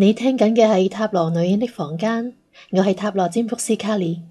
你聽緊嘅係《塔羅女人的房間》，我係塔羅占卜師卡莉。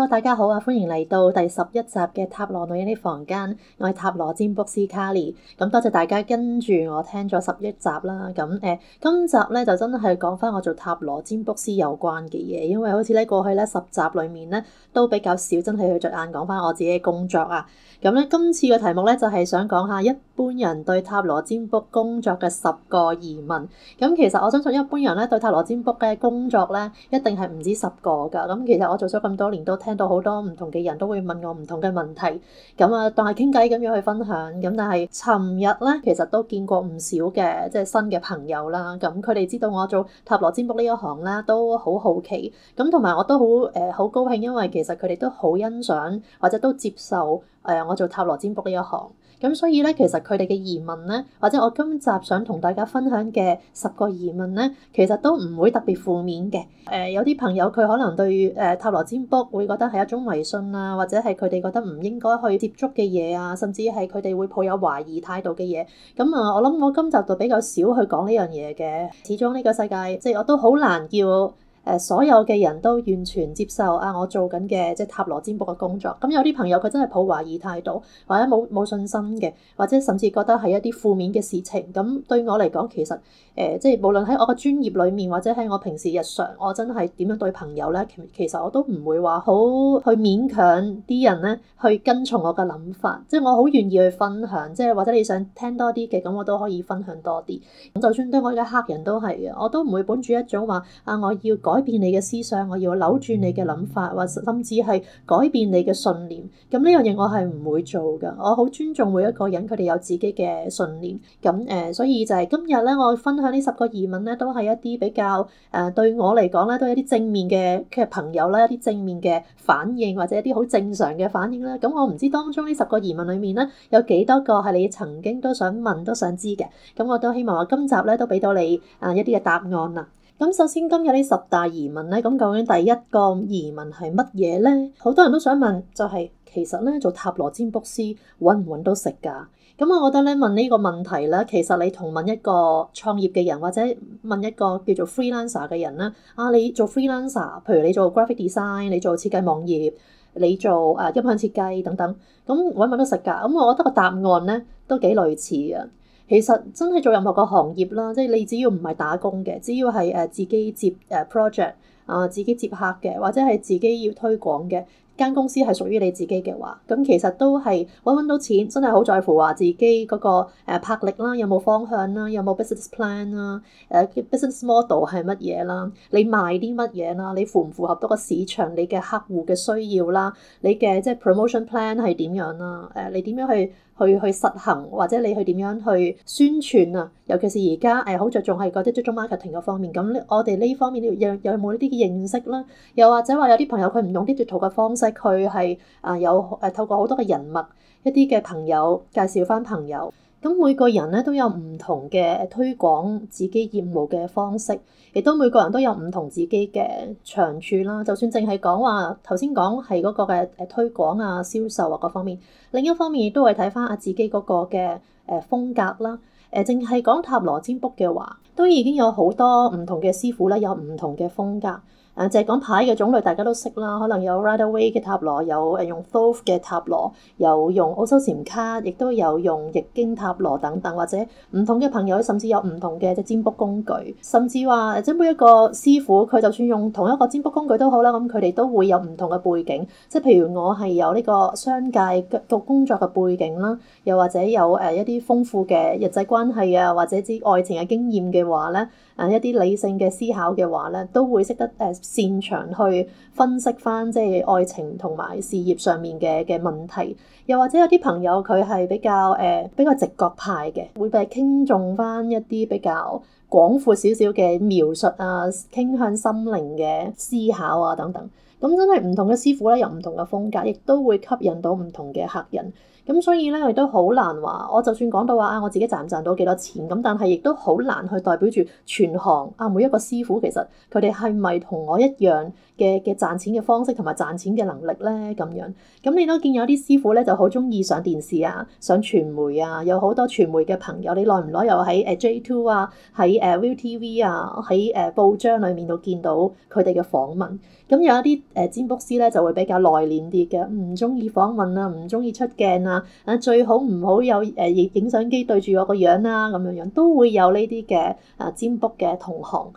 好，大家好啊！歡迎嚟到第十一集嘅塔羅女人的房間，我係塔羅占卜師 Carlie。咁多謝大家跟住我聽咗十一集啦。咁誒，今集咧就真係講翻我做塔羅占卜師有關嘅嘢，因為好似咧過去咧十集裏面咧都比較少真係去着眼講翻我自己嘅工作啊。咁咧今次嘅題目咧就係想講下一。一般人對塔羅占卜工作嘅十個疑問，咁其實我相信一般人咧對塔羅占卜嘅工作咧一定係唔止十個㗎。咁其實我做咗咁多年，都聽到好多唔同嘅人都會問我唔同嘅問題，咁啊當係傾偈咁樣去分享。咁但係尋日咧，其實都見過唔少嘅即係新嘅朋友啦。咁佢哋知道我做塔羅占卜呢一行啦，都好好奇。咁同埋我都好誒好高興，因為其實佢哋都好欣賞或者都接受誒我做塔羅占卜呢一行。咁所以咧，其實佢哋嘅疑問咧，或者我今集想同大家分享嘅十個疑問咧，其實都唔會特別負面嘅。誒、呃，有啲朋友佢可能對誒、呃、塔羅占卜會覺得係一種迷信啊，或者係佢哋覺得唔應該去接觸嘅嘢啊，甚至係佢哋會抱有懷疑態度嘅嘢。咁、嗯、啊，我諗我今集就比較少去講呢樣嘢嘅，始終呢個世界即係、就是、我都好難叫。誒所有嘅人都完全接受啊！我做緊嘅即係塔羅占卜嘅工作。咁有啲朋友佢真係抱懷疑態度，或者冇冇信心嘅，或者甚至覺得係一啲負面嘅事情。咁對我嚟講，其實誒、呃、即係無論喺我嘅專業裡面，或者喺我平時日常，我真係點樣對朋友咧？其其實我都唔會話好去勉強啲人咧去跟從我嘅諗法。即係我好願意去分享，即係或者你想聽多啲嘅，咁我都可以分享多啲。咁就算對我嘅客人都係嘅，我都唔會本住一種話啊，我要講改變你嘅思想，我要扭轉你嘅諗法，或甚至係改變你嘅信念。咁呢樣嘢我係唔會做噶。我好尊重每一個人，佢哋有自己嘅信念。咁誒、呃，所以就係今日咧，我分享呢十個疑問咧，都係一啲比較誒、呃，對我嚟講咧，都係一啲正面嘅嘅朋友啦，一啲正面嘅反應或者一啲好正常嘅反應啦。咁我唔知當中呢十個疑問裏面咧，有幾多個係你曾經都想問都想知嘅。咁我都希望我今集咧都俾到你誒一啲嘅答案啦。咁首先今日呢十大疑問呢，咁究竟第一個疑問係乜嘢呢？好多人都想問，就係，就係其實呢，做塔羅占卜師揾唔揾到食㗎？咁我覺得呢，問呢個問題呢，其實你同問一個創業嘅人或者問一個叫做 freelancer 嘅人啦，啊你做 freelancer，譬如你做 graphic design，你做設計網頁，你做誒音響設計等等，咁揾唔揾到食㗎？咁我覺得個答案呢，都幾類似嘅。其實真係做任何個行業啦，即係你只要唔係打工嘅，只要係誒自己接誒、uh, project 啊、uh,，自己接客嘅，或者係自己要推廣嘅間公司係屬於你自己嘅話，咁其實都係揾揾到錢，真係好在乎話自己嗰、那個、uh, 魄力啦，有冇方向啦，有冇 business plan 啦，誒、uh, business model 係乜嘢啦，你賣啲乜嘢啦，你符唔符合到個市場你嘅客戶嘅需要啦，你嘅即係 promotion plan 係點樣啦，誒、uh, 你點樣去？去去實行，或者你去點樣去宣傳啊？尤其是而家誒，好着重係嗰啲 digital marketing 嗰方面。咁我哋呢方面有冇呢啲認識啦？又或者話有啲朋友佢唔用啲 digital 嘅方式，佢係啊有誒透過好多嘅人脈、一啲嘅朋友介紹翻朋友。咁每個人咧都有唔同嘅推廣自己業務嘅方式，亦都每個人都有唔同自己嘅長處啦。就算淨係講話頭先講係嗰個嘅誒推廣啊、銷售啊各方面，另一方面亦都會睇翻啊自己嗰個嘅誒風格啦。誒、呃，淨係講塔羅占卜嘅話，都已經有好多唔同嘅師傅啦，有唔同嘅風格。啊，就係講牌嘅種類，大家都識啦。可能有 Rider Waite 嘅塔羅，有誒用 Thoth 嘅塔羅，有用奧修禪卡，亦都有用易經塔羅等等。或者唔同嘅朋友，甚至有唔同嘅嘅占卜工具。甚至話，即每一個師傅，佢就算用同一個占卜工具都好啦，咁佢哋都會有唔同嘅背景。即譬如我係有呢個商界嘅工作嘅背景啦，又或者有誒一啲豐富嘅人際關係啊，或者啲愛情嘅經驗嘅話咧。一啲理性嘅思考嘅話咧，都會識得誒，擅長去分析翻，即係愛情同埋事業上面嘅嘅問題。又或者有啲朋友佢係比較誒、呃、比較直覺派嘅，會比較傾中翻一啲比較廣闊少少嘅描述啊，傾向心靈嘅思考啊等等。咁真係唔同嘅師傅咧，有唔同嘅風格，亦都會吸引到唔同嘅客人。咁所以咧，我亦都好難話，我就算講到話啊，我自己賺唔賺到幾多錢咁，但係亦都好難去代表住全行啊，每一個師傅其實佢哋係咪同我一樣？嘅嘅賺錢嘅方式同埋賺錢嘅能力咧咁樣，咁你都見有啲師傅咧就好中意上電視啊、上傳媒啊，有好多傳媒嘅朋友，你耐唔耐又喺誒 J Two 啊、喺誒 ViuTV 啊、喺誒報章裡面度見到佢哋嘅訪問。咁有一啲誒占卜師咧就會比較內斂啲嘅，唔中意訪問啊，唔中意出鏡啊，啊最好唔好有誒影相機對住我個樣啦咁樣樣，都會有呢啲嘅啊占卜嘅同行。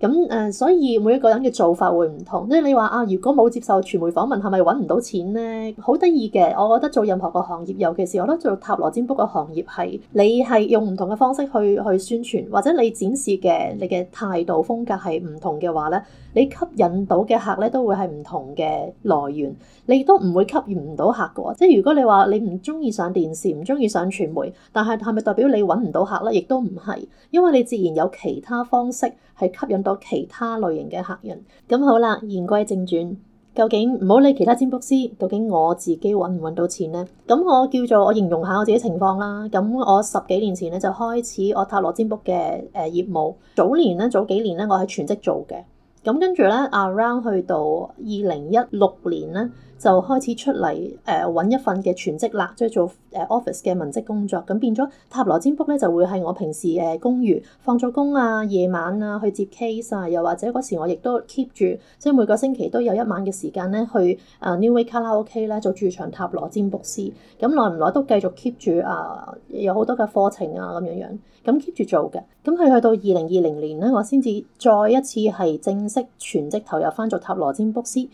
咁誒、嗯，所以每一個人嘅做法會唔同，即係你話啊，如果冇接受傳媒訪問，係咪揾唔到錢咧？好得意嘅，我覺得做任何個行業，尤其是我覺得做塔羅占卜個行業係，你係用唔同嘅方式去去宣傳或者你展示嘅你嘅態度風格係唔同嘅話咧，你吸引到嘅客咧都會係唔同嘅來源，你亦都唔會吸引唔到客嘅，即係如果你話你唔中意上電視唔中意上傳媒，但係係咪代表你揾唔到客咧？亦都唔係，因為你自然有其他方式係吸引到。其他類型嘅客人，咁好啦，言歸正傳，究竟唔好理其他占卜師，究竟我自己揾唔揾到錢呢？咁我叫做我形容下我自己情況啦。咁我十幾年前咧就開始我塔羅占卜嘅誒業務，早年咧早幾年咧我係全職做嘅，咁跟住咧 around 去到二零一六年咧。就開始出嚟誒揾一份嘅全職啦，即、就、係、是、做誒、呃、office 嘅文職工作。咁變咗塔羅占卜咧，就會係我平時誒、呃、公寓放咗工啊、夜晚啊去接 case 啊，又或者嗰時我亦都 keep 住即係每個星期都有一晚嘅時間咧去啊、呃、New Way 卡拉 OK 咧做駐場塔羅占卜師。咁耐唔耐都繼續 keep 住啊，有好多嘅課程啊咁樣樣，咁 keep 住做嘅。咁佢去到二零二零年咧，我先至再一次係正式全職投入翻做塔羅占卜師。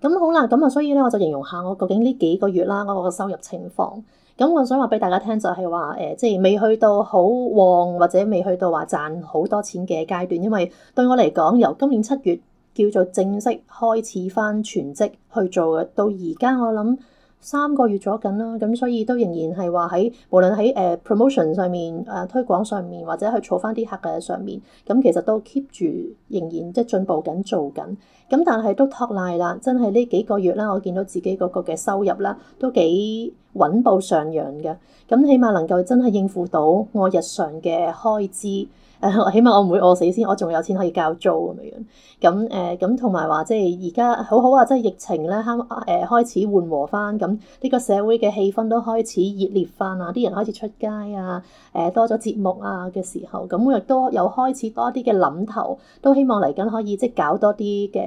咁好啦，咁啊，所以咧，我就形容下我究竟呢幾個月啦，我個收入情況。咁我想話俾大家聽，就係話，誒，即係未去到好旺或者未去到話賺好多錢嘅階段，因為對我嚟講，由今年七月叫做正式開始返全職去做嘅，到而家我諗。三個月左緊啦，咁所以都仍然係話喺無論喺誒 promotion 上面、誒、啊、推廣上面，或者去儲返啲客嘅上面，咁其實都 keep 住仍然即係進步緊做緊，咁但係都託賴啦，真係呢幾個月啦，我見到自己嗰個嘅收入啦，都幾穩步上揚嘅，咁起碼能夠真係應付到我日常嘅開支。 起碼我唔會餓死先，我仲有錢可以交租咁樣樣。咁誒，咁同埋話，即係而家好好啊，即係疫情咧，啱誒開始緩和翻，咁呢個社會嘅氣氛都開始熱烈翻啊，啲人開始出街啊，誒多咗節目啊嘅時候，咁我亦都有開始多啲嘅諗頭，都希望嚟緊可以即係搞多啲嘅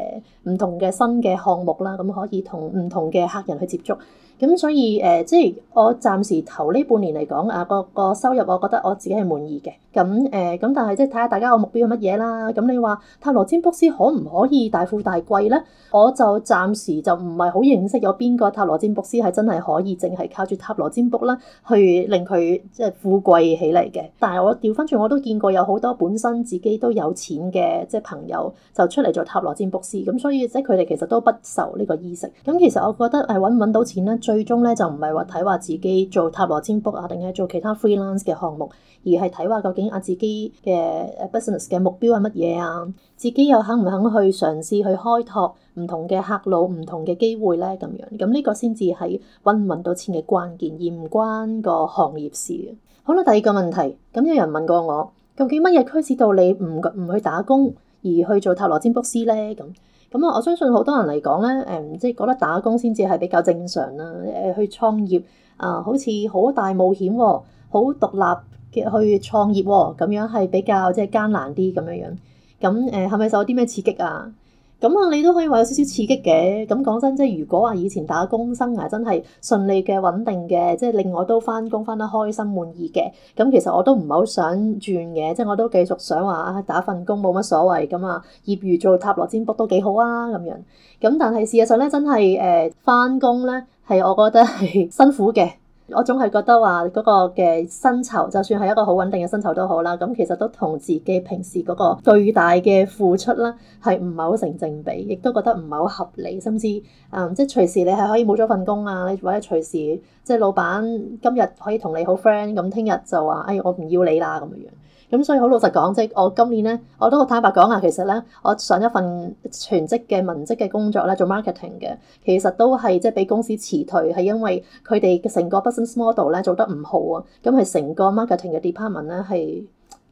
唔同嘅新嘅項目啦，咁可以同唔同嘅客人去接觸。咁所以誒，即係我暫時頭呢半年嚟講啊個，個收入我覺得我自己係滿意嘅。咁誒，咁但係即係睇下大家個目標係乜嘢啦。咁你話塔羅占卜師可唔可以大富大貴呢？我就暫時就唔係好認識有邊個塔羅占卜師係真係可以淨係靠住塔羅占卜啦，去令佢即係富貴起嚟嘅。但係我調翻轉我都見過有好多本身自己都有錢嘅即係朋友就出嚟做塔羅占卜師，咁所以即係佢哋其實都不愁呢個衣食。咁其實我覺得誒揾唔揾到錢呢，最終呢就唔係話睇話自己做塔羅占卜啊，定係做其他 freelance 嘅項目，而係睇話究竟啊自己嘅 business 嘅目標係乜嘢啊？自己又肯唔肯去嘗試去開拓唔同嘅客路、唔同嘅機會咧？咁樣咁呢個先至係揾唔揾到錢嘅關鍵，而唔關個行業事嘅。好啦，第二個問題，咁有人問過我，究竟乜嘢驅使到你唔唔去打工而去做塔羅占卜師咧？咁咁啊，我相信好多人嚟講咧，誒、嗯，即係覺得打工先至係比較正常啦。誒，去創業啊，好似好大冒險、啊，好獨立。去創業喎，咁樣係比較即係艱難啲咁樣樣。咁誒係咪受啲咩刺激啊？咁啊，你都可以話有少少刺激嘅。咁講真，即係如果話以前打工生涯真係順利嘅、穩定嘅，即係令我都翻工翻得開心滿意嘅。咁其實我都唔係好想轉嘅，即係我都繼續想話打份工冇乜所謂咁啊。業餘做塔羅占卜都幾好啊，咁樣。咁但係事實上咧，真係誒翻工咧係我覺得係辛苦嘅。我總係覺得話嗰個嘅薪酬，就算係一個好穩定嘅薪酬都好啦，咁其實都同自己平時嗰個巨大嘅付出啦，係唔係好成正比，亦都覺得唔係好合理，甚至嗯，即係隨時你係可以冇咗份工啊，或者你隨時即係老闆今日可以同你好 friend，咁聽日就話，哎，我唔要你啦咁樣。咁所以好老實講，即我今年咧我都好坦白講啊，其實咧我上一份全職嘅文職嘅工作咧做 marketing 嘅，其實都係即係俾公司辭退，係因為佢哋嘅成個 business model 咧做得唔好啊。咁係成個 marketing 嘅 department 咧係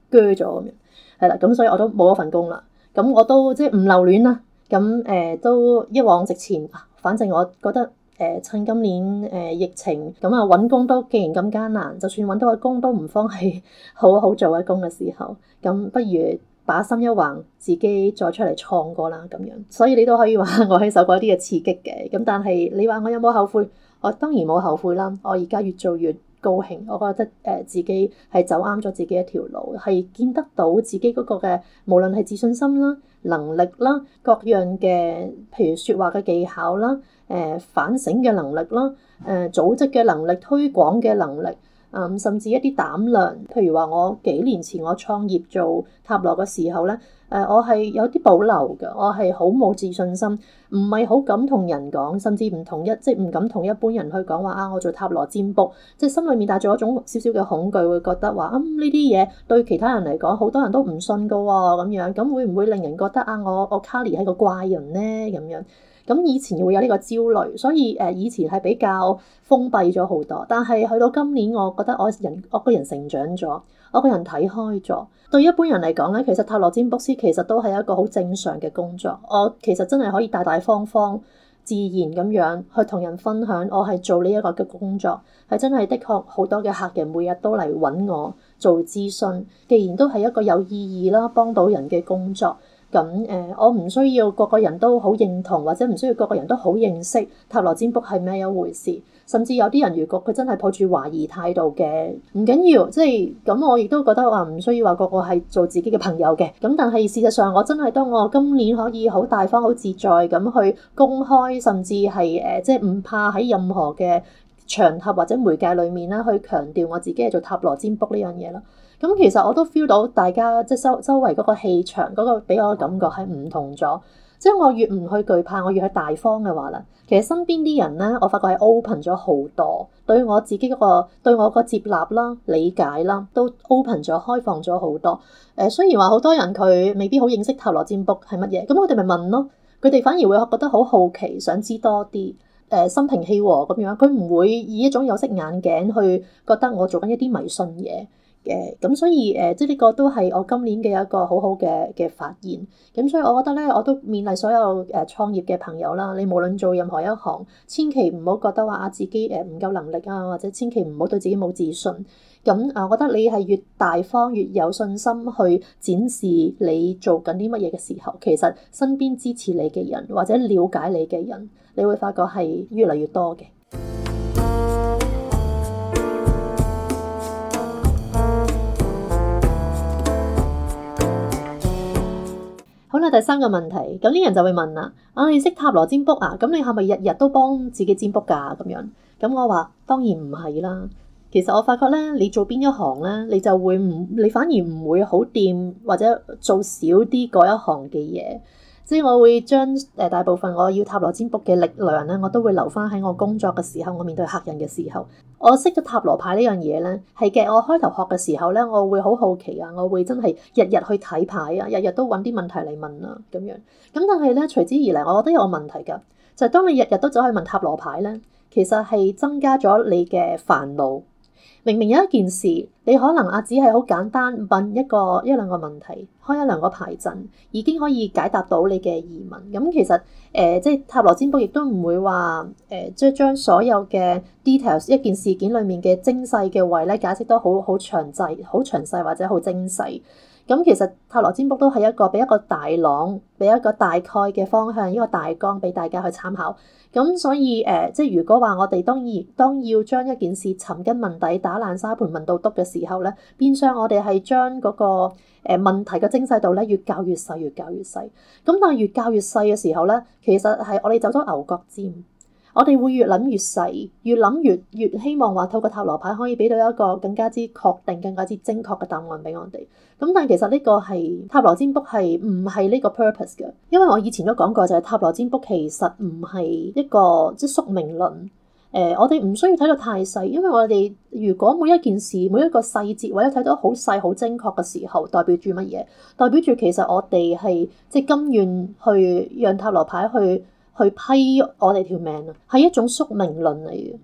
鋸咗咁樣係啦。咁所以我都冇咗份工啦。咁我都即係唔留戀啦。咁誒、呃、都一往直前。反正我覺得。呃、趁今年誒、呃、疫情咁啊，揾、呃、工都既然咁艱難，就算揾到個工都唔方係好好做嘅工嘅時候，咁不如把心一橫，自己再出嚟創過啦咁樣。所以你都可以話我係受過一啲嘅刺激嘅咁，但係你話我有冇後悔？我當然冇後悔啦。我而家越做越高興，我覺得誒、呃、自己係走啱咗自己一條路，係見得到自己嗰個嘅無論係自信心啦、能力啦、各樣嘅譬如説話嘅技巧啦。誒、呃、反省嘅能力啦，誒、呃、組織嘅能力、推廣嘅能力，啊、呃、甚至一啲膽量。譬如話，我幾年前我創業做塔羅嘅時候咧，誒、呃、我係有啲保留㗎，我係好冇自信心，唔係好敢同人講，甚至唔同一即係唔敢同一般人去講話啊，我做塔羅占卜，即係心裡面帶住一種少少嘅恐懼，會覺得話啊，呢啲嘢對其他人嚟講，好多人都唔信嘅喎咁樣，咁會唔會令人覺得啊我我卡 a r 係個怪人呢咁樣？咁以前會有呢個焦慮，所以誒以前係比較封閉咗好多。但係去到今年，我覺得我人我個人成長咗，我個人睇開咗。對一般人嚟講咧，其實塔羅占卜師其實都係一個好正常嘅工作。我其實真係可以大大方方、自然咁樣去同人分享，我係做呢一個嘅工作，係真係的確好多嘅客人每日都嚟揾我做諮詢。既然都係一個有意義啦，幫到人嘅工作。咁誒、呃，我唔需要個個人都好認同，或者唔需要個個人都好認識塔羅占卜係咩一回事。甚至有啲人，如果佢真係抱住懷疑態度嘅，唔緊要。即係咁，我亦都覺得話唔需要話個個係做自己嘅朋友嘅。咁但係事實上，我真係當我今年可以好大方、好自在咁去公開，甚至係誒、呃，即係唔怕喺任何嘅場合或者媒介裏面啦，去強調我自己係做塔羅占卜呢樣嘢咯。咁其實我都 feel 到大家即係周周圍嗰個氣場嗰個俾我嘅感覺係唔同咗。即係我越唔去懼怕，我越係大方嘅話啦。其實身邊啲人咧，我發覺係 open 咗好多，對我自己嗰個對我個接納啦、理解啦，都 open 咗開放咗好多。誒，雖然話好多人佢未必好認識塔羅占卜係乜嘢，咁佢哋咪問咯。佢哋反而會覺得好好奇，想知多啲。誒，心平氣和咁樣，佢唔會以一種有色眼鏡去覺得我做緊一啲迷信嘢。誒咁所以誒，即係呢個都係我今年嘅一個好好嘅嘅發現。咁所以我覺得咧，我都勉勵所有誒創業嘅朋友啦。你無論做任何一行，千祈唔好覺得話啊自己誒唔夠能力啊，或者千祈唔好對自己冇自信。咁啊，我覺得你係越大方、越有信心去展示你做緊啲乜嘢嘅時候，其實身邊支持你嘅人或者了解你嘅人，你會發覺係越嚟越多嘅。第三個問題，咁啲人就會問啦：你識塔羅占卜啊，咁你係咪日日都幫自己占卜噶？咁樣，咁我話當然唔係啦。其實我發覺咧，你做邊一行咧，你就會唔你反而唔會好掂，或者做少啲嗰一行嘅嘢。即係我會將誒大部分我要塔羅占卜嘅力量咧，我都會留翻喺我工作嘅時候，我面對客人嘅時候。我識咗塔羅牌呢樣嘢咧，係嘅。我開頭學嘅時候咧，我會好好奇啊，我會真係日日去睇牌啊，日日都揾啲問題嚟問啊咁樣。咁但係咧隨之而嚟，我覺得有個問題㗎，就係當你日日都走去問塔羅牌咧，其實係增加咗你嘅煩惱。明明有一件事，你可能只係好簡單問一個一兩個問題，開一兩個牌陣，已經可以解答到你嘅疑問。咁、嗯、其實誒、呃，即係塔羅占卜亦都唔會話誒，即、呃、係將所有嘅 details 一件事件裏面嘅精細嘅位咧，解釋得好好詳細、好詳細或者好精細。咁其實塔羅占卜都係一個俾一個大綱，俾一個大概嘅方向，一個大綱俾大家去參考。咁所以誒、呃，即係如果話我哋當然當要將一件事尋根問底、打爛沙盤問到篤嘅時候咧，變相我哋係將嗰個誒、呃、問題嘅精細度咧越教越細，越教越細。咁但係越教越細嘅時候咧，其實係我哋走咗牛角尖。我哋會越諗越細，越諗越越希望話透過塔羅牌可以俾到一個更加之確定、更加之精確嘅答案俾我哋。咁但係其實呢個係塔羅占卜係唔係呢個 purpose 嘅，因為我以前都講過就係、是、塔羅占卜其實唔係一個即、就是、宿命論。誒、呃，我哋唔需要睇到太細，因為我哋如果每一件事、每一個細節或者睇到好細好精確嘅時候，代表住乜嘢？代表住其實我哋係即甘願去讓塔羅牌去。去批我哋條命啊，係一種宿命論嚟嘅。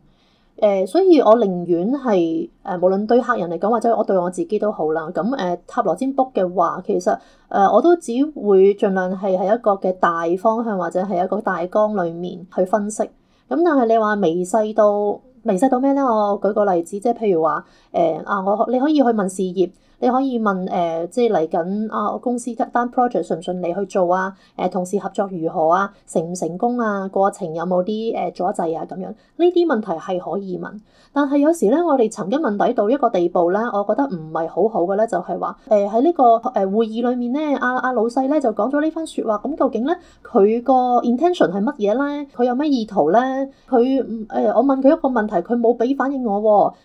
誒、呃，所以我寧願係誒，無論對客人嚟講，或者我對我自己都好啦。咁、呃、誒，塔羅占卜嘅話，其實誒、呃、我都只會盡量係喺一個嘅大方向，或者係一個大綱裡面去分析。咁但係你話微細到微細到咩咧？我舉個例子，即係譬如話誒、呃、啊，我你可以去問事業。你可以問誒、呃，即係嚟緊啊公司單 project 順唔順利去做啊？誒、啊、同事合作如何啊？成唔成功啊？過程有冇啲誒阻滯啊？咁樣呢啲問題係可以問，但係有時咧，我哋曾經問底到一個地步咧，我覺得唔係好好嘅咧，就係話誒喺呢個誒會議裡面咧，阿、啊、阿、啊、老細咧就講咗呢番説話，咁、嗯、究竟咧佢個 intention 係乜嘢咧？佢有咩意圖咧？佢誒、呃、我問佢一個問題，佢冇俾反應我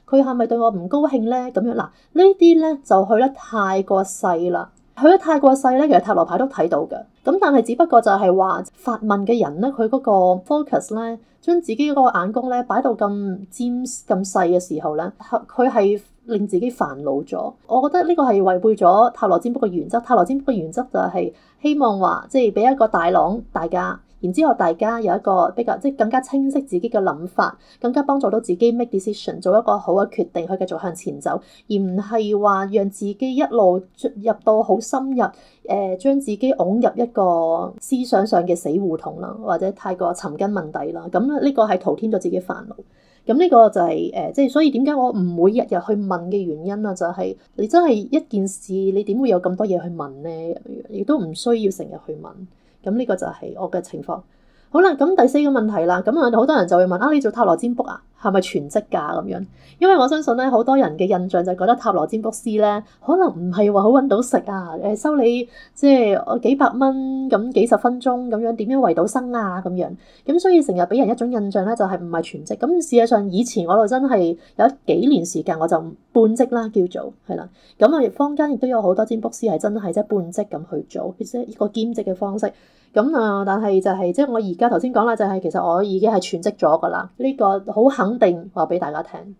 喎，佢係咪對我唔高興咧？咁樣嗱，呢啲咧就～去得太過細啦，去得太過細咧，其實塔羅牌都睇到嘅。咁但係只不過就係話發問嘅人咧，佢嗰個 focus 咧，將自己嗰個眼光咧擺到咁尖咁細嘅時候咧，佢係令自己煩惱咗。我覺得呢個係違背咗塔羅占卜嘅原則。塔羅占卜嘅原則就係希望話即係俾一個大郎大家。然之後，大家有一個比較即係更加清晰自己嘅諗法，更加幫助到自己 make decision，做一個好嘅決定去繼續向前走，而唔係話讓自己一路進入到好深入，誒、呃、將自己擁入一個思想上嘅死胡同啦，或者太過尋根問底啦。咁、嗯、呢、這個係徒添咗自己煩惱。咁、嗯、呢、這個就係、是、誒，即、呃、係所以點解我唔會日日去問嘅原因啊。就係、是、你真係一件事，你點會有咁多嘢去問咧？亦都唔需要成日去問。咁呢個就係我嘅情況。好啦，咁第四個問題啦，咁啊好多人就會問啊，你做塔羅占卜啊，係咪全職㗎咁樣？因為我相信咧，好多人嘅印象就覺得塔羅占卜師咧，可能唔係話好揾到食啊。誒，收你即係幾百蚊，咁幾十分鐘咁樣，點樣維到生啊咁樣？咁所以成日俾人一種印象咧，就係唔係全職？咁事實上，以前我度真係有幾年時間，我就半職啦，叫做係啦。咁啊，亦坊間亦都有好多占卜師係真係即係半職咁去做，即係一個兼職嘅方式。咁啊、嗯！但係就係、是、即係我而家頭先講啦，就係、是、其實我已經係全職咗噶啦。呢、這個好肯定話畀大家聽。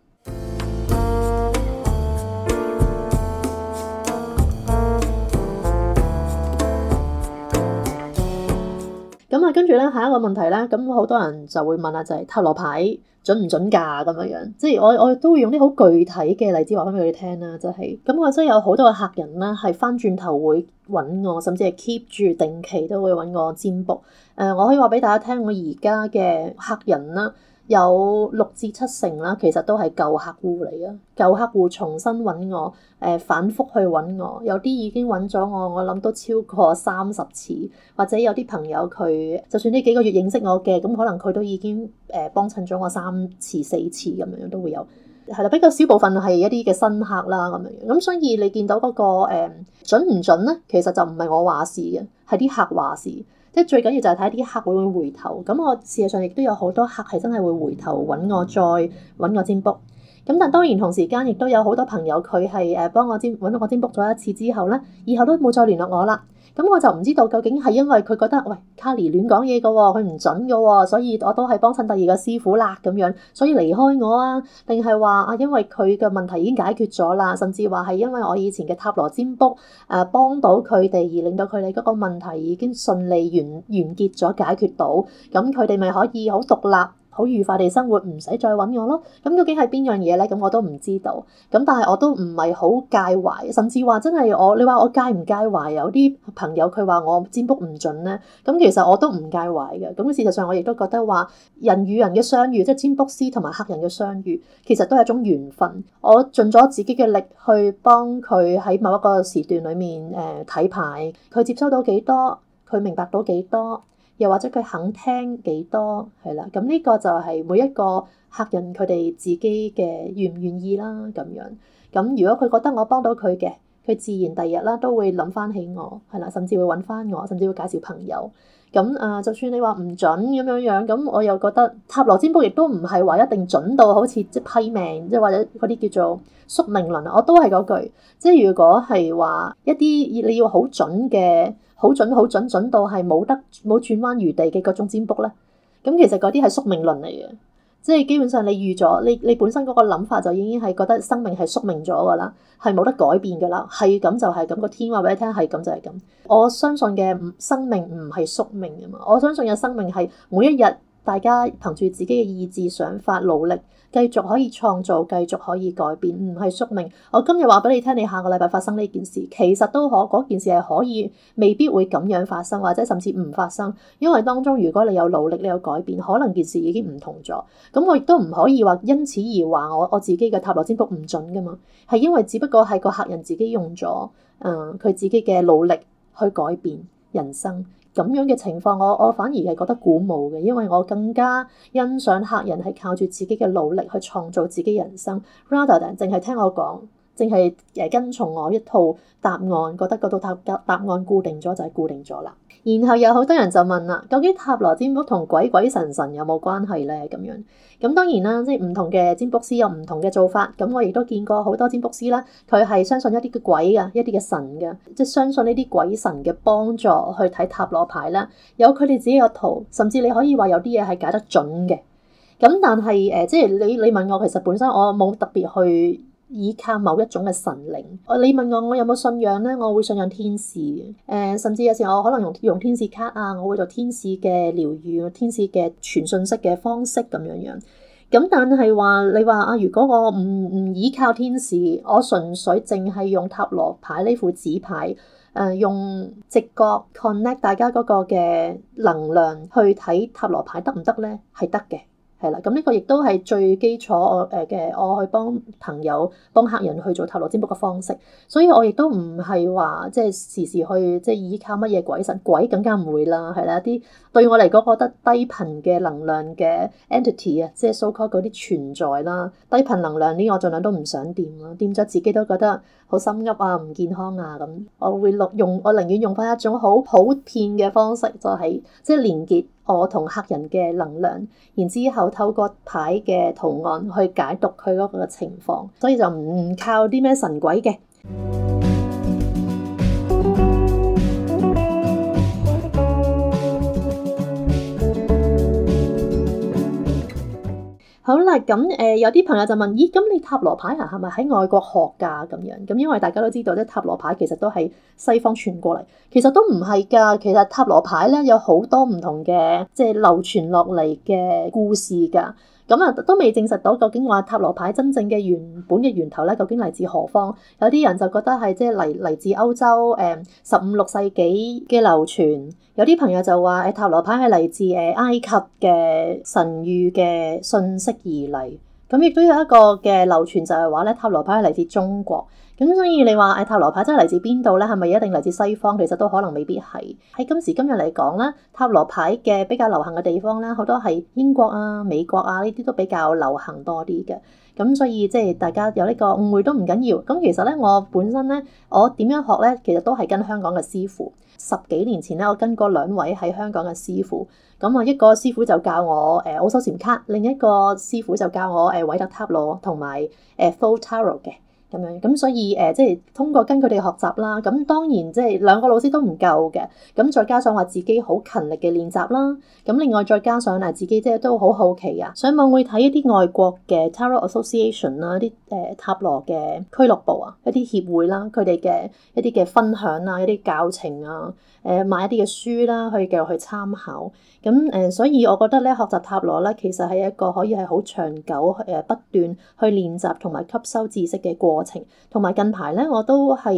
跟住咧，下一個問題咧，咁好多人就會問啊、就是，就係塔羅牌準唔準價咁樣樣，即係我我都會用啲好具體嘅例子話翻俾佢哋聽啦，就係咁，我真係有好多嘅客人咧，係翻轉頭會揾我，甚至係 keep 住定期都會揾我占卜，誒、呃，我可以話俾大家聽，我而家嘅客人啦。有六至七成啦，其實都係舊客戶嚟啊，舊客戶重新揾我，誒，反覆去揾我，有啲已經揾咗我，我諗都超過三十次，或者有啲朋友佢就算呢幾個月認識我嘅，咁可能佢都已經誒，幫襯咗我三次四次咁樣樣都會有，係啦，比較少部分係一啲嘅新客啦咁樣，咁所以你見到嗰個誒準唔準呢？其實就唔係我話事嘅，係啲客話事。最緊要就係睇啲客會唔會回頭，咁我事實上亦都有好多客係真係會回頭揾我再揾我占卜。o 咁但係當然同時間亦都有好多朋友佢係誒幫我占揾我簽 b 咗一次之後呢，以後都冇再聯絡我啦。咁我就唔知道究竟係因為佢覺得喂卡 a r r 亂講嘢嘅喎，佢唔準嘅喎，所以我都係幫襯第二個師傅啦咁樣，所以離開我啊？定係話啊，因為佢嘅問題已經解決咗啦，甚至話係因為我以前嘅塔羅占卜誒幫、啊、到佢哋，而令到佢哋嗰個問題已經順利完完結咗解決到，咁佢哋咪可以好獨立？好愉快地生活，唔使再揾我咯。咁究竟係邊樣嘢呢？咁我都唔知道。咁但係我都唔係好介懷，甚至話真係我，你話我介唔介懷？有啲朋友佢話我占卜唔準呢。咁其實我都唔介懷嘅。咁事實上我亦都覺得話人與人嘅相遇，即係占卜師同埋客人嘅相遇，其實都係一種緣分。我盡咗自己嘅力去幫佢喺某一個時段裡面誒睇、呃、牌，佢接收到幾多，佢明白到幾多。又或者佢肯聽幾多係啦，咁呢個就係每一個客人佢哋自己嘅願唔願意啦咁樣。咁如果佢覺得我幫到佢嘅，佢自然第日啦都會諗翻起我係啦，甚至會揾翻我，甚至會介紹朋友。咁啊，就算你話唔準咁樣樣，咁我又覺得塔羅占卜亦都唔係話一定準到好似即批命，即或者嗰啲叫做宿命論。我都係嗰句，即如果係話一啲你要好準嘅，好準好準準到係冇得冇轉彎餘地嘅嗰種占卜咧，咁其實嗰啲係宿命論嚟嘅。即係基本上你預，你預咗你你本身嗰個諗法就已經係覺得生命係宿命咗㗎啦，係冇得改變㗎啦，係咁就係咁，個天話俾你聽，係咁就係咁。我相信嘅生命唔係宿命㗎嘛，我相信嘅生命係每一日。大家憑住自己嘅意志、想法、努力，繼續可以創造，繼續可以改變，唔係宿命。我今日話俾你聽，你下個禮拜發生呢件事，其實都可。嗰件事係可以，未必會咁樣發生，或者甚至唔發生。因為當中，如果你有努力，你有改變，可能件事已經唔同咗。咁我亦都唔可以話因此而話我我自己嘅塔羅占卜唔準噶嘛？係因為只不過係個客人自己用咗，呃、佢自己嘅努力去改變人生。咁樣嘅情況，我我反而係覺得鼓舞嘅，因為我更加欣賞客人係靠住自己嘅努力去創造自己人生 rather than 淨係聽我講，淨係誒跟從我一套答案，覺得嗰套答答案固定咗就係固定咗啦。然後有好多人就問啦，究竟塔羅占卜同鬼鬼神神有冇關係咧？咁樣咁當然啦，即係唔同嘅占卜師有唔同嘅做法。咁我亦都見過好多占卜師啦，佢係相信一啲嘅鬼㗎，一啲嘅神㗎，即係相信呢啲鬼神嘅幫助去睇塔羅牌啦。有佢哋自己嘅圖，甚至你可以話有啲嘢係解得準嘅。咁但係誒，即係你你問我，其實本身我冇特別去。依靠某一種嘅神靈，你問我我有冇信仰呢？我會信仰天使嘅、呃，甚至有時候我可能用用天使卡啊，我會做天使嘅療愈、天使嘅傳信息嘅方式咁樣樣。咁但係話你話啊，如果我唔唔依靠天使，我純粹淨係用塔羅牌呢副紙牌，誒、呃，用直覺 connect 大家嗰個嘅能量去睇塔羅牌得唔得呢？係得嘅。係啦，咁呢個亦都係最基礎我誒嘅，我去幫朋友幫客人去做塔羅占卜嘅方式，所以我亦都唔係話即係時時去即係依靠乜嘢鬼神，鬼更加唔會啦，係啦，一啲對我嚟講覺得低頻嘅能量嘅 entity 啊，即係 so-called 嗰啲存在啦，低頻能量呢，我儘量都唔想掂咯，掂咗自己都覺得好心急啊，唔健康啊咁，我會用用我寧願用返一種好普遍嘅方式，就係即係連結我同客人嘅能量，然之後透過牌嘅圖案去解讀佢嗰個情況，所以就唔靠啲咩神鬼嘅。好啦，咁誒有啲朋友就問：咦，咁你塔羅牌啊係咪喺外國學㗎咁樣？咁因為大家都知道咧，塔羅牌其實都係西方傳過嚟，其實都唔係㗎。其實塔羅牌咧有好多唔同嘅，即係流傳落嚟嘅故事㗎。咁啊，都未證實到究竟話塔羅牌真正嘅原本嘅源頭咧，究竟嚟自何方？有啲人就覺得係即係嚟嚟自歐洲，誒，十五六世紀嘅流傳。有啲朋友就話誒，塔羅牌係嚟自誒埃及嘅神諭嘅信息而嚟。咁亦都有一個嘅流傳就係話咧，塔羅牌係嚟自中國。咁所以你話誒、啊、塔羅牌真係嚟自邊度咧？係咪一定嚟自西方？其實都可能未必係。喺今時今日嚟講咧，塔羅牌嘅比較流行嘅地方咧，好多係英國啊、美國啊呢啲都比較流行多啲嘅。咁所以即係大家有呢個誤會都唔緊要，要。咁其實咧，我本身咧，我點樣學咧，其實都係跟香港嘅師傅。十幾年前咧，我跟過兩位喺香港嘅師傅。咁啊，一個師傅就教我誒奧修禪卡，另一個師傅就教我誒韋特塔羅同埋誒 Full Tarot 嘅。咁樣，咁所以誒、呃，即係通過跟佢哋學習啦。咁、啊、當然即係兩個老師都唔夠嘅，咁、啊、再加上話自己好勤力嘅練習啦。咁、啊、另外再加上嗱、啊，自己即係都好好奇啊，上網會睇一啲外國嘅 Tarot Association 啦、啊，啲誒塔羅嘅俱樂部啊，一啲協會啦，佢哋嘅一啲嘅分享啊，一啲教程啊，誒買一啲嘅書啦、啊，去以繼續去參考。咁、啊、誒、啊，所以我覺得咧，學習塔羅咧、啊，其實係一個可以係好長久誒、啊、不斷去練習同埋吸收知識嘅過程。過程同埋近排咧，我都係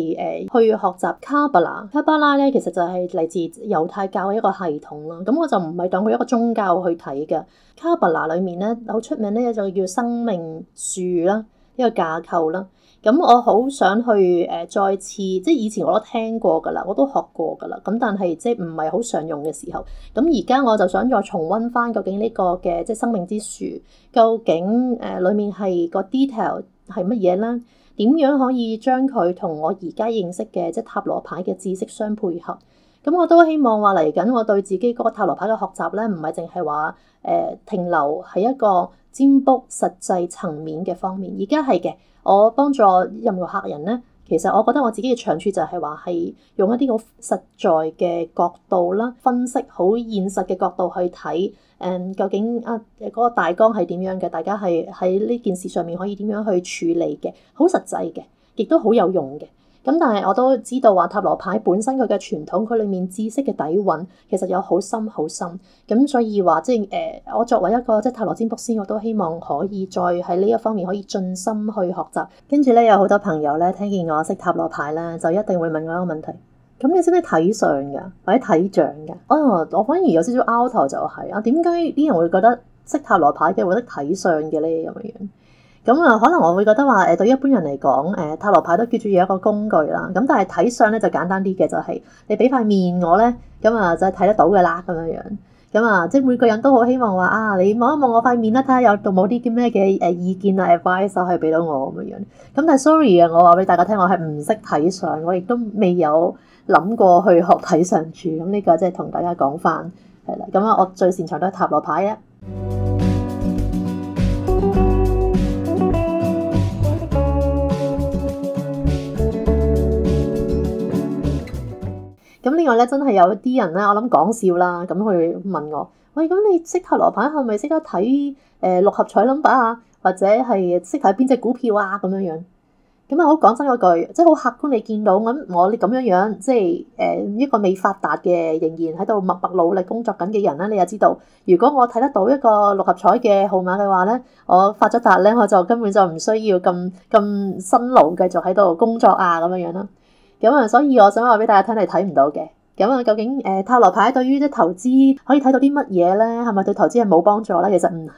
誒去學習卡巴拉。卡巴拉咧，其實就係嚟自猶太教嘅一個系統啦。咁我就唔係當佢一個宗教去睇嘅。卡巴拉裏面咧，好出名咧就叫生命樹啦，一個架構啦。咁我好想去誒，再次即係以前我都聽過噶啦，我都學過噶啦。咁但係即係唔係好常用嘅時候。咁而家我就想再重溫翻究竟呢個嘅即係生命之樹究竟誒裏面係個 detail 係乜嘢咧？點樣可以將佢同我而家認識嘅即塔羅牌嘅知識相配合？咁我都希望話嚟緊，我對自己嗰個塔羅牌嘅學習咧，唔係淨係話誒停留喺一個占卜實際層面嘅方面。而家係嘅，我幫助任何客人咧。其實我覺得我自己嘅長處就係話係用一啲好實在嘅角度啦，分析好現實嘅角度去睇誒，究竟啊嗰個大綱係點樣嘅？大家係喺呢件事上面可以點樣去處理嘅？好實際嘅，亦都好有用嘅。咁但係我都知道話塔羅牌本身佢嘅傳統，佢裡面知識嘅底蘊其實有好深好深。咁所以話即係誒、呃，我作為一個即係塔羅占卜師，我都希望可以再喺呢一方面可以盡心去學習。跟住咧有好多朋友咧聽見我識塔羅牌啦，就一定會問我一個問題：咁你識唔識睇相㗎，或者睇象㗎？啊、哦，我反而有少少拗頭就係、是、啊，點解啲人會覺得識塔羅牌嘅會得睇相嘅咧咁樣？咁啊，可能我會覺得話誒，對一般人嚟講，誒塔羅牌都叫做一個工具啦。咁但係睇相咧就簡單啲嘅，就係、是、你俾塊面我咧，咁啊就係睇得到嘅啦，咁樣樣。咁啊，即係每個人都好希望話啊，你望一望我塊面啦，睇下有冇啲啲咩嘅誒意見啊、advice 啊可以俾到我咁樣樣。咁但係 sorry 啊，我話俾大家聽，我係唔識睇相，我亦都未有諗過去學睇相住。咁、這、呢個即係同大家講翻，係啦。咁啊，我最擅長都係塔羅牌啊。咁另外咧，真係有一啲人咧，我諗講笑啦，咁佢問我，喂，咁你識睇羅盤係咪識得睇誒、呃、六合彩 number 啊？或者係識睇邊隻股票啊？咁樣樣，咁啊好講真嗰句，即係好客觀你見到，咁我你咁樣樣，即係誒一個未發達嘅，仍然喺度默默努力工作緊嘅人咧，你又知道，如果我睇得到一個六合彩嘅號碼嘅話咧，我發咗達咧，我就根本就唔需要咁咁辛勞繼續喺度工作啊，咁樣樣啦。咁啊、嗯，所以我想話俾大家聽，係睇唔到嘅。咁、嗯、啊，究竟誒、呃、塔羅牌對於即係投資可以睇到啲乜嘢咧？係咪對投資係冇幫助咧？其實唔係。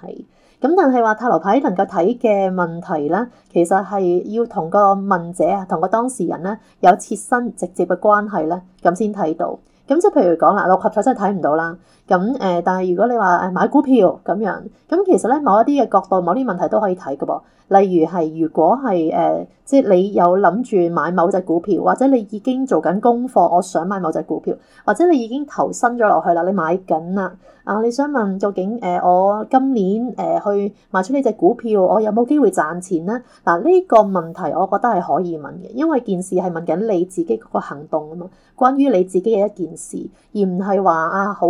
咁、嗯、但係話塔羅牌能夠睇嘅問題咧，其實係要同個問者啊，同個當事人咧有切身直接嘅關係咧，咁先睇到。咁、嗯、即係譬如講啦，六合彩真係睇唔到啦。咁、嗯、誒、呃，但係如果你話誒買股票咁樣，咁、嗯、其實咧某一啲嘅角度，某啲問題都可以睇㗎噃。例如係，如果係誒、呃，即係你有諗住買某隻股票，或者你已經做緊功課，我想買某隻股票，或者你已經投身咗落去啦，你買緊啦，啊，你想問究竟誒、呃，我今年誒、呃、去賣出呢隻股票，我有冇機會賺錢咧？嗱、啊，呢、這個問題我覺得係可以問嘅，因為件事係問緊你自己嗰個行動啊嘛，關於你自己嘅一件事，而唔係話啊好。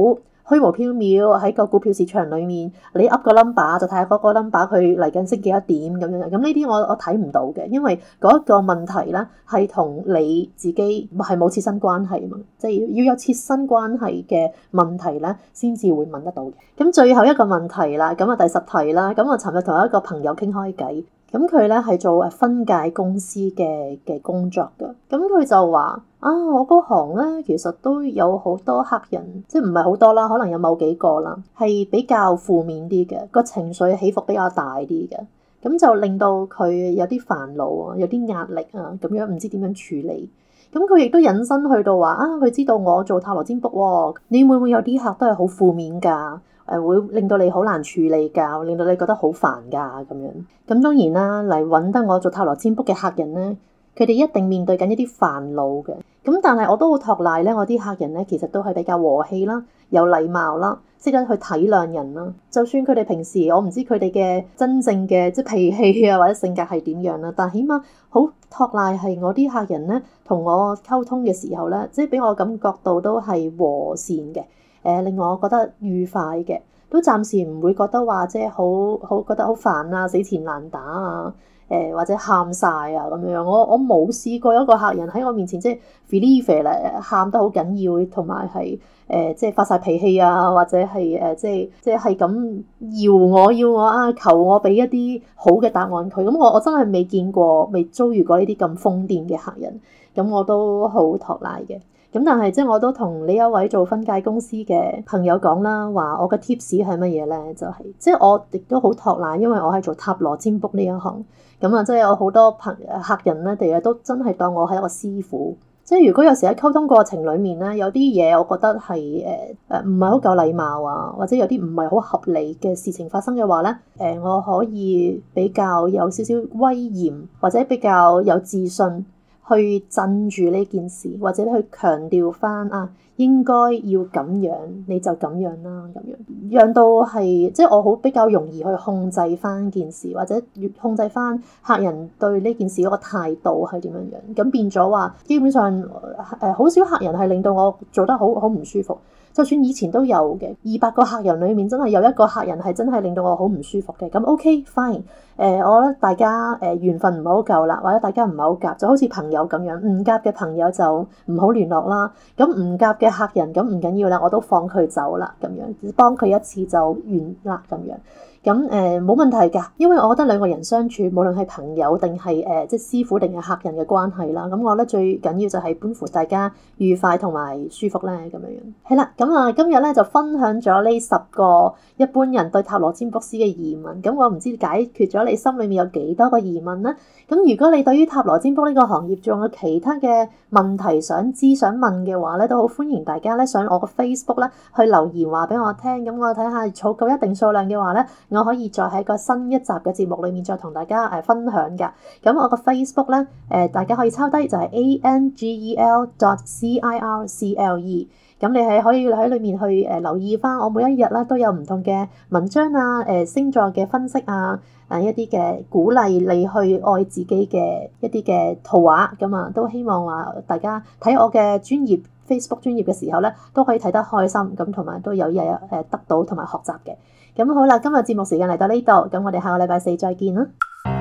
虛無縹緲喺個股票市場裏面，你噏個 number 就睇下嗰個 number 佢嚟緊升幾多點咁樣，咁呢啲我我睇唔到嘅，因為嗰個問題咧係同你自己係冇切身關係啊嘛，即係要有切身關係嘅問題咧，先至會問得到。咁最後一個問題啦，咁啊第十題啦，咁我尋日同一個朋友傾開偈。咁佢咧係做誒分界公司嘅嘅工作嘅，咁佢就話啊，我嗰行咧其實都有好多客人，即係唔係好多啦，可能有某幾個啦，係比較負面啲嘅，個情緒起伏比較大啲嘅，咁就令到佢有啲煩惱啊，有啲壓力啊，咁樣唔知點樣處理。咁佢亦都引申去到話啊，佢知道我做塔羅占卜喎，你會唔會有啲客都係好負面㗎？誒會令到你好難處理㗎，令到你覺得好煩㗎咁樣。咁當然啦，嚟揾得我做塔羅占卜嘅客人呢，佢哋一定面對緊一啲煩惱嘅。咁但係我都好托賴呢，我啲客人呢其實都係比較和氣啦，有禮貌啦，識得去體諒人啦。就算佢哋平時我唔知佢哋嘅真正嘅即係脾氣啊或者性格係點樣啦，但起碼好托賴係我啲客人呢同我溝通嘅時候呢，即係俾我感覺到都係和善嘅。誒令我覺得愉快嘅，都暫時唔會覺得話即係好好覺得好煩啊，死纏爛打啊，誒、呃、或者喊晒啊咁樣。我我冇試過一個客人喺我面前即係肥 i l i 咧，喊得好緊要，同埋係誒即係發晒脾氣啊，或者係誒、呃、即係即係咁搖我要我啊，求我俾一啲好嘅答案佢。咁我我真係未見過，未遭遇過呢啲咁瘋癲嘅客人。咁我都好托賴嘅。咁但係即係我都同呢一位做分界公司嘅朋友講啦，話我嘅 tips 係乜嘢咧？就係、是、即係我亦都好托賴，因為我係做塔羅占卜呢一行，咁啊即係有好多朋客人咧，哋啊都真係當我係一個師傅。即係如果有時喺溝通過程裡面咧，有啲嘢我覺得係誒誒唔係好夠禮貌啊，或者有啲唔係好合理嘅事情發生嘅話咧，誒、呃、我可以比較有少少威嚴，或者比較有自信。去鎮住呢件事，或者去強調翻啊，應該要咁樣，你就咁樣啦，咁樣讓到係即係我好比較容易去控制翻件事，或者控制翻客人對呢件事嗰個態度係點樣樣，咁變咗話基本上誒好、呃、少客人係令到我做得好好唔舒服。就算以前都有嘅，二百個客人裏面真係有一個客人係真係令到我好唔舒服嘅，咁 OK fine、呃。誒，我覺得大家誒、呃、緣分唔好夠啦，或者大家唔係好夾，就好似朋友咁樣，唔夾嘅朋友就唔好聯絡啦。咁唔夾嘅客人咁唔緊要啦，我都放佢走啦，咁樣只幫佢一次就完啦，咁樣。咁誒冇問題㗎，因為我覺得兩個人相處，無論係朋友定係誒即係師傅定係客人嘅關係啦。咁我咧最緊要就係本乎大家愉快同埋舒服咧，咁樣樣。係啦，咁啊今日咧就分享咗呢十個一般人對塔羅占卜師嘅疑問。咁我唔知解決咗你心裏面有幾多個疑問呢？咁如果你對於塔羅占卜呢個行業仲有其他嘅問題想知想問嘅話咧，都好歡迎大家咧上我個 Facebook 咧去留言話俾我聽。咁我睇下儲夠一定數量嘅話咧。我可以再喺個新一集嘅節目裏面再同大家誒分享嘅。咁我個 Facebook 咧誒，大家可以抄低就係、是、A N G E L dot C I R C L E。咁你係可以喺裏面去誒留意返。我每一日咧都有唔同嘅文章啊、誒星座嘅分析啊、誒一啲嘅鼓勵你去愛自己嘅一啲嘅圖畫。咁啊，都希望話大家睇我嘅專業 Facebook 專業嘅時候咧，都可以睇得開心咁，同埋都有有嘢得到同埋學習嘅。咁好啦，今日節目時間嚟到呢度，咁我哋下個禮拜四再見啦。